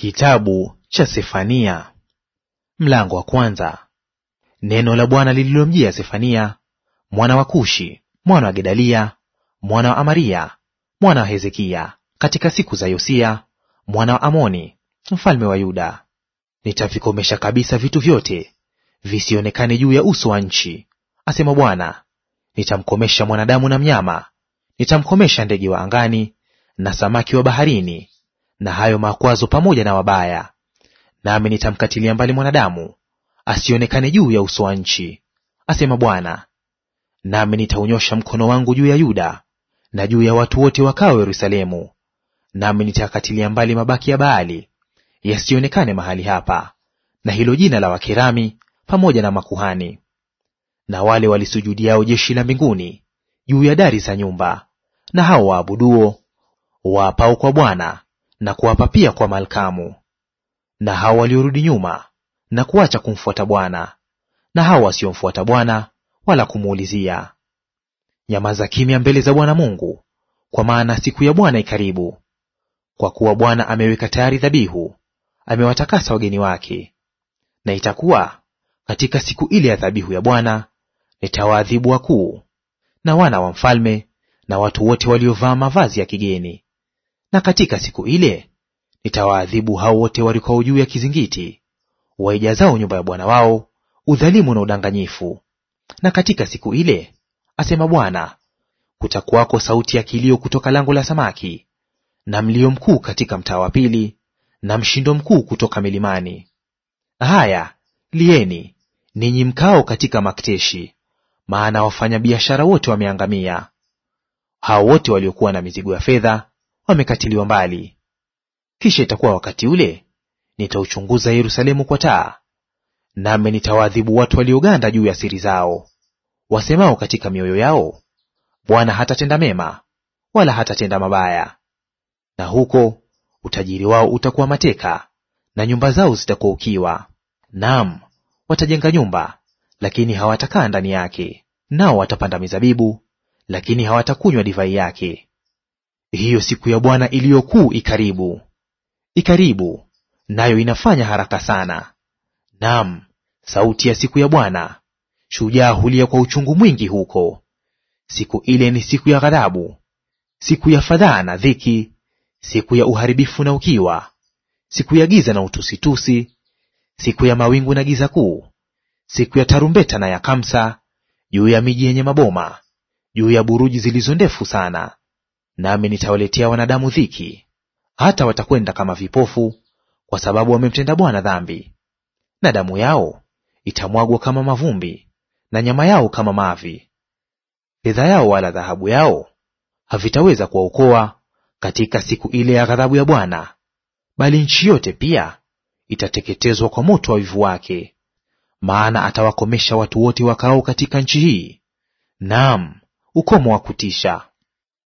Kitabu cha Sefania mlango wa kwanza. Neno la Bwana lililomjia Sefania mwana wa Kushi mwana wa Gedalia mwana wa Amaria mwana wa Hezekia katika siku za Yosia mwana wa Amoni mfalme wa Yuda. Nitavikomesha kabisa vitu vyote visionekane juu ya uso wa nchi, asema Bwana. Nitamkomesha mwanadamu na mnyama, nitamkomesha ndege wa angani na samaki wa baharini, na hayo makwazo pamoja na wabaya, nami nitamkatilia mbali mwanadamu asionekane juu ya uso wa nchi, asema Bwana. Nami nitaunyosha mkono wangu juu ya Yuda na juu ya watu wote wakao Yerusalemu, nami nitakatilia mbali mabaki ya Baali yasionekane mahali hapa, na hilo jina la Wakerami pamoja na makuhani na wale walisujudiao jeshi la mbinguni juu ya dari za nyumba, na hao waabuduo waapao kwa Bwana na kuapa pia kwa Malkamu. Na hao waliorudi nyuma na kuacha kumfuata Bwana, na hao wasiomfuata Bwana wala kumuulizia, nyamaza kimya mbele za Bwana Mungu, kwa maana siku ya Bwana ikaribu. Kwa kuwa Bwana ameweka tayari dhabihu, amewatakasa wageni wake. Na itakuwa katika siku ile ya dhabihu ya Bwana, nitawaadhibu wakuu na wana wa mfalme na watu wote waliovaa mavazi ya kigeni, na katika siku ile nitawaadhibu hao wote warukwao juu ya kizingiti, waijazao nyumba ya bwana wao udhalimu na udanganyifu. Na katika siku ile, asema Bwana, kutakuwako sauti ya kilio kutoka lango la samaki, na mlio mkuu katika mtaa wa pili, na mshindo mkuu kutoka milimani. Haya, lieni ninyi mkao katika Makteshi, maana wafanyabiashara wote wameangamia. Hao wote waliokuwa na mizigo ya fedha wamekatiliwa mbali. Kisha itakuwa wakati ule, nitauchunguza Yerusalemu kwa taa, nami nitawaadhibu watu walioganda juu ya siri zao, wasemao katika mioyo yao, Bwana hatatenda mema wala hatatenda mabaya. Na huko utajiri wao utakuwa mateka, na nyumba zao zitakuwa ukiwa. Naam, watajenga nyumba, lakini hawatakaa ndani yake, nao watapanda mizabibu, lakini hawatakunywa divai yake. Hiyo siku ya Bwana iliyokuu ikaribu, ikaribu, nayo inafanya haraka sana. Naam, sauti ya siku ya Bwana, shujaa hulia kwa uchungu mwingi huko. Siku ile ni siku ya ghadhabu, siku ya fadhaa na dhiki, siku ya uharibifu na ukiwa, siku ya giza na utusitusi, siku ya mawingu na giza kuu, siku ya tarumbeta na ya kamsa, juu ya miji yenye maboma, juu ya buruji zilizo ndefu sana nami nitawaletea wanadamu dhiki, hata watakwenda kama vipofu, kwa sababu wamemtenda Bwana dhambi. Na damu yao itamwagwa kama mavumbi, na nyama yao kama mavi. Fedha yao wala dhahabu yao havitaweza kuwaokoa katika siku ile ya ghadhabu ya Bwana, bali nchi yote pia itateketezwa kwa moto wa wivu wake, maana atawakomesha watu wote wakao katika nchi hii, naam, ukomo wa kutisha.